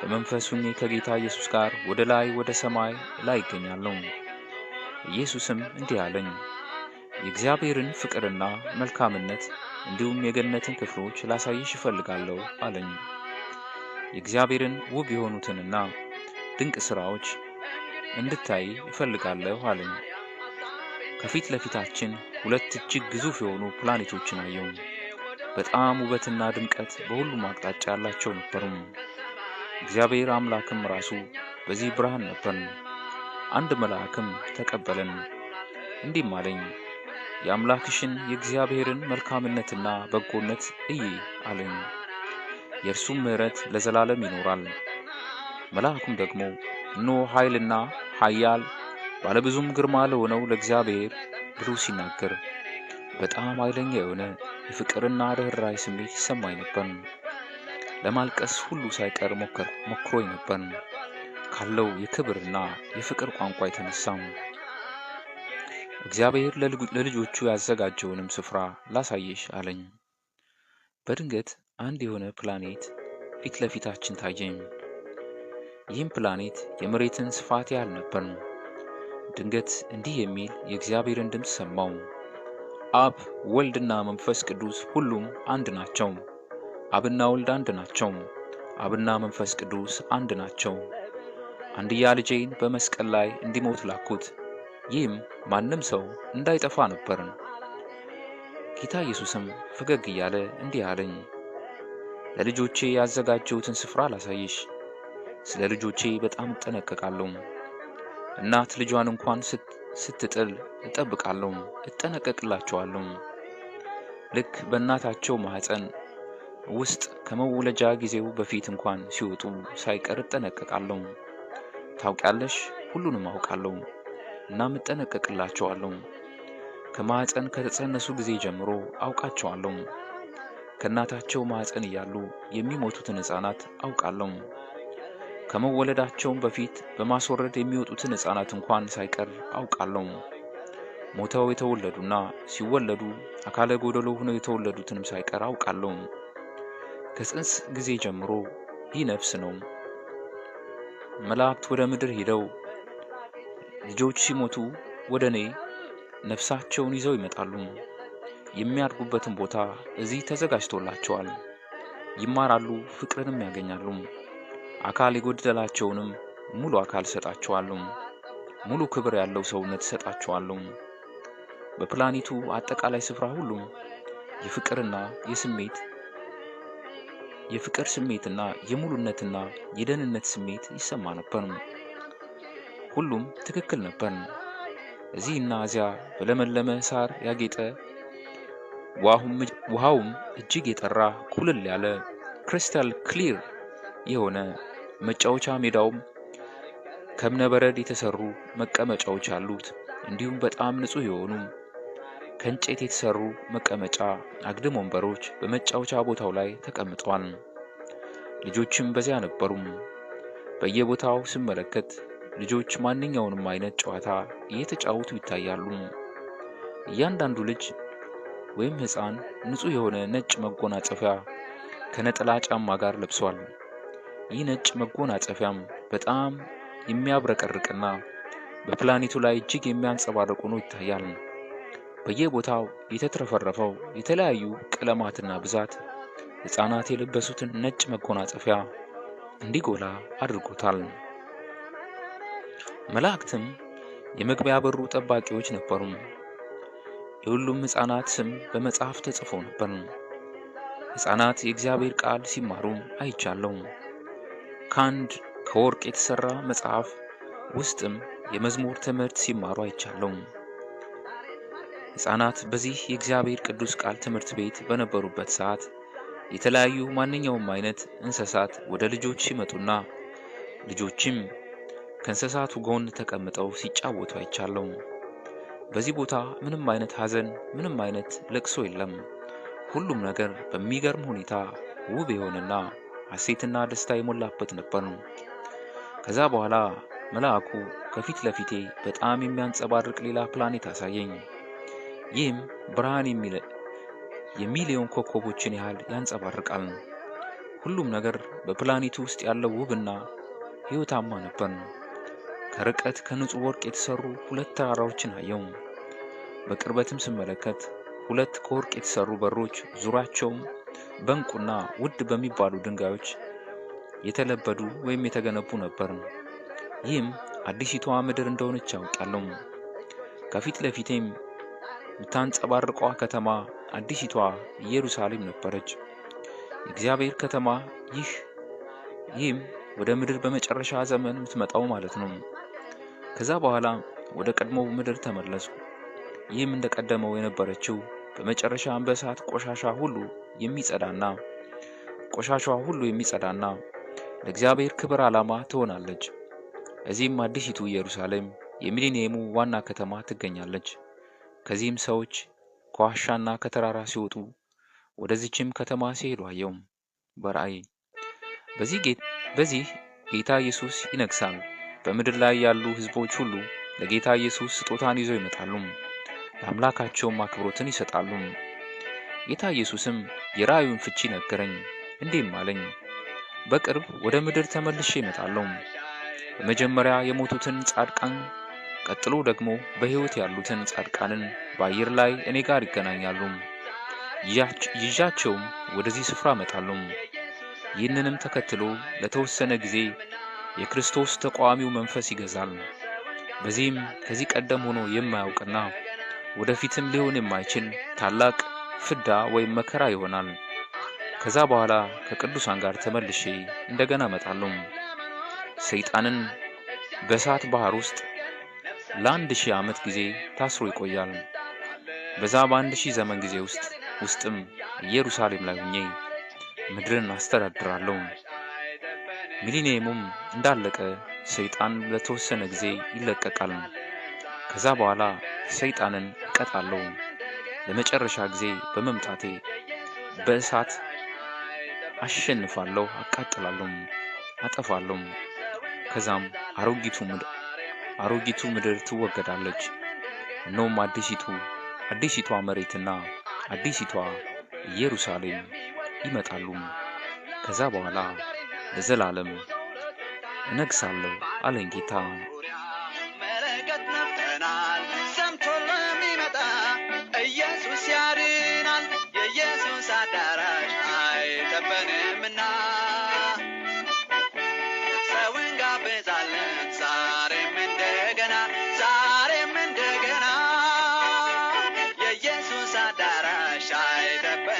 በመንፈስ ሁኜ ከጌታ ኢየሱስ ጋር ወደ ላይ ወደ ሰማይ ላይ ይገኛለሁ። ኢየሱስም እንዲህ አለኝ፣ የእግዚአብሔርን ፍቅርና መልካምነት እንዲሁም የገነትን ክፍሎች ላሳይሽ እፈልጋለሁ አለኝ። የእግዚአብሔርን ውብ የሆኑትንና ድንቅ ሥራዎች እንድታይ እፈልጋለሁ አለኝ። ከፊት ለፊታችን ሁለት እጅግ ግዙፍ የሆኑ ፕላኔቶችን አየሁ። በጣም ውበትና ድምቀት በሁሉም አቅጣጫ ያላቸው ነበሩም። እግዚአብሔር አምላክም ራሱ በዚህ ብርሃን ነበርን። አንድ መልአክም ተቀበለን፣ እንዲህም አለኝ የአምላክሽን የእግዚአብሔርን መልካምነትና በጎነት እይ አለኝ። የእርሱም ምሕረት ለዘላለም ይኖራል። መልአኩም ደግሞ እነሆ ኃይልና ኃያል ባለብዙም ግርማ ለሆነው ለእግዚአብሔር ብሎ ሲናገር በጣም ኃይለኛ የሆነ የፍቅርና ርኅራይ ስሜት ይሰማኝ ነበር። ለማልቀስ ሁሉ ሳይቀር ሞከር ሞክሮኝ ነበር ካለው የክብርና የፍቅር ቋንቋ የተነሳም። እግዚአብሔር ለልጆቹ ያዘጋጀውንም ስፍራ ላሳየሽ አለኝ። በድንገት አንድ የሆነ ፕላኔት ፊት ለፊታችን ታየኝ። ይህም ፕላኔት የመሬትን ስፋት ያህል ነበር። ድንገት እንዲህ የሚል የእግዚአብሔርን ድምፅ ሰማው። አብ ወልድና መንፈስ ቅዱስ ሁሉም አንድ ናቸው። አብና ወልድ አንድ ናቸው። አብና መንፈስ ቅዱስ አንድ ናቸው። አንድያ ልጄን በመስቀል ላይ እንዲሞት ላኩት፣ ይህም ማንም ሰው እንዳይጠፋ ነበር። ጌታ ኢየሱስም ፈገግ እያለ እንዲህ አለኝ፣ ለልጆቼ ያዘጋጀሁትን ስፍራ ላሳይሽ። ስለ ልጆቼ በጣም እጠነቀቃለሁ። እናት ልጇን እንኳን ስትጥል እጠብቃለሁ፣ እጠነቀቅላቸዋለሁ። ልክ በእናታቸው ማኅፀን ውስጥ ከመወለጃ ጊዜው በፊት እንኳን ሲወጡ ሳይቀር እጠነቀቃለሁ። ታውቂያለሽ፣ ሁሉንም አውቃለሁ። እናም እጠነቀቅላቸዋለሁ። ከማዕፀን ከተጸነሱ ጊዜ ጀምሮ አውቃቸዋለሁ። ከእናታቸው ማዕፀን እያሉ የሚሞቱትን ሕፃናት አውቃለሁ። ከመወለዳቸውም በፊት በማስወረድ የሚወጡትን ሕፃናት እንኳን ሳይቀር አውቃለሁ። ሞተው የተወለዱና ሲወለዱ አካለ ጎደሎ ሆነው የተወለዱትንም ሳይቀር አውቃለሁ። ከጽንስ ጊዜ ጀምሮ ይህ ነፍስ ነው። መላእክት ወደ ምድር ሄደው ልጆች ሲሞቱ ወደ እኔ ነፍሳቸውን ይዘው ይመጣሉ። የሚያድጉበትን ቦታ እዚህ ተዘጋጅቶላቸዋል። ይማራሉ፣ ፍቅርንም ያገኛሉ። አካል የጎደላቸውንም ሙሉ አካል ሰጣቸዋሉ። ሙሉ ክብር ያለው ሰውነት ሰጣቸዋሉ። በፕላኔቱ አጠቃላይ ስፍራ ሁሉ የፍቅርና የስሜት የፍቅር ስሜትና የሙሉነትና የደህንነት ስሜት ይሰማ ነበር። ሁሉም ትክክል ነበር። እዚህና እዚያ በለመለመ ሳር ያጌጠ ውሃውም እጅግ የጠራ ኩልል ያለ ክሪስታል ክሊር የሆነ መጫወቻ ሜዳውም ከእብነ በረድ የተሰሩ መቀመጫዎች አሉት። እንዲሁም በጣም ንጹህ የሆኑ ከእንጨት የተሰሩ መቀመጫ አግድም ወንበሮች በመጫወቻ ቦታው ላይ ተቀምጠዋል። ልጆችም በዚያ ነበሩም። በየቦታው ስመለከት ልጆች ማንኛውንም አይነት ጨዋታ እየተጫወቱ ይታያሉ። እያንዳንዱ ልጅ ወይም ሕፃን ንጹሕ የሆነ ነጭ መጎናጸፊያ ከነጠላ ጫማ ጋር ለብሷል። ይህ ነጭ መጎናጸፊያም በጣም የሚያብረቀርቅና በፕላኔቱ ላይ እጅግ የሚያንጸባርቅ ሆኖ ይታያል። በየቦታው የተትረፈረፈው የተለያዩ ቀለማትና ብዛት ሕፃናት የለበሱትን ነጭ መጎናጸፊያ እንዲጎላ አድርጎታል። መላእክትም የመግቢያ በሩ ጠባቂዎች ነበሩ። የሁሉም ሕፃናት ስም በመጽሐፍ ተጽፎ ነበር። ሕፃናት የእግዚአብሔር ቃል ሲማሩ አይቻለው። ከአንድ ከወርቅ የተሠራ መጽሐፍ ውስጥም የመዝሙር ትምህርት ሲማሩ አይቻለው። ሕፃናት በዚህ የእግዚአብሔር ቅዱስ ቃል ትምህርት ቤት በነበሩበት ሰዓት የተለያዩ ማንኛውም አይነት እንስሳት ወደ ልጆች ሲመጡና ልጆችም ከእንስሳቱ ጎን ተቀምጠው ሲጫወቱ አይቻለው። በዚህ ቦታ ምንም አይነት ሐዘን፣ ምንም አይነት ለቅሶ የለም። ሁሉም ነገር በሚገርም ሁኔታ ውብ የሆነና ሐሴትና ደስታ የሞላበት ነበር። ከዛ በኋላ መልአኩ ከፊት ለፊቴ በጣም የሚያንጸባርቅ ሌላ ፕላኔት አሳየኝ። ይህም ብርሃን የሚሊዮን ኮከቦችን ያህል ያንጸባርቃል። ሁሉም ነገር በፕላኔቱ ውስጥ ያለው ውብና ሕይወታማ ነበር። ከርቀት ከንጹህ ወርቅ የተሰሩ ሁለት ተራራዎችን አየው። በቅርበትም ስመለከት ሁለት ከወርቅ የተሰሩ በሮች ዙሪያቸውም በንቁና ውድ በሚባሉ ድንጋዮች የተለበዱ ወይም የተገነቡ ነበር። ይህም አዲሲቷ ምድር እንደሆነች ያለው። ከፊት ለፊቴም የምታንጸባርቋ ከተማ አዲሲቷ ኢየሩሳሌም ነበረች። የእግዚአብሔር ከተማ ይህ ይህም ወደ ምድር በመጨረሻ ዘመን የምትመጣው ማለት ነው። ከዛ በኋላ ወደ ቀድሞው ምድር ተመለሱ። ይህም እንደቀደመው የነበረችው በመጨረሻ በእሳት ቆሻሻ ሁሉ የሚጸዳና ቆሻሻ ሁሉ የሚጸዳና ለእግዚአብሔር ክብር ዓላማ ትሆናለች። እዚህም አዲሲቱ ኢየሩሳሌም የሚሊኒየሙ ዋና ከተማ ትገኛለች። ከዚህም ሰዎች ከዋሻና ከተራራ ሲወጡ ወደዚችም ከተማ ሲሄዱ አየውም በራእይ። በዚህ ጌታ ኢየሱስ ይነግሣል። በምድር ላይ ያሉ ሕዝቦች ሁሉ ለጌታ ኢየሱስ ስጦታን ይዘው ይመጣሉ፣ ለአምላካቸውም አክብሮትን ይሰጣሉ። ጌታ ኢየሱስም የራእዩን ፍቺ ነገረኝ፣ እንዲህም አለኝ በቅርብ ወደ ምድር ተመልሼ እመጣለሁ። በመጀመሪያ የሞቱትን ጻድቃን ቀጥሎ ደግሞ በሕይወት ያሉትን ጻድቃንን በአየር ላይ እኔ ጋር ይገናኛሉ፣ ይዣቸውም ወደዚህ ስፍራ እመጣሉ። ይህንንም ተከትሎ ለተወሰነ ጊዜ የክርስቶስ ተቃዋሚው መንፈስ ይገዛል። በዚህም ከዚህ ቀደም ሆኖ የማያውቅና ወደፊትም ሊሆን የማይችል ታላቅ ፍዳ ወይም መከራ ይሆናል። ከዛ በኋላ ከቅዱሳን ጋር ተመልሼ እንደገና እመጣለሁ። ሰይጣንን በእሳት ባህር ውስጥ ለአንድ ሺህ ዓመት ጊዜ ታስሮ ይቆያል። በዛ በአንድ ሺህ ዘመን ጊዜ ውስጥ ውስጥም ኢየሩሳሌም ላይ ሁኜ ምድርን አስተዳድራለሁ። ሚሊኒየሙም እንዳለቀ ሰይጣን ለተወሰነ ጊዜ ይለቀቃል። ከዛ በኋላ ሰይጣንን እቀጣለሁ። ለመጨረሻ ጊዜ በመምጣቴ በእሳት አሸንፋለሁ፣ አቃጥላለሁ፣ አጠፋለሁ። ከዛም አሮጊቱ አሮጊቱ ምድር ትወገዳለች፣ እነሆም አዲሲቱ አዲሲቷ መሬትና አዲሲቷ ኢየሩሳሌም ይመጣሉም። ከዛ በኋላ ለዘላለም እነግሳለሁ አለኝ ጌታ። side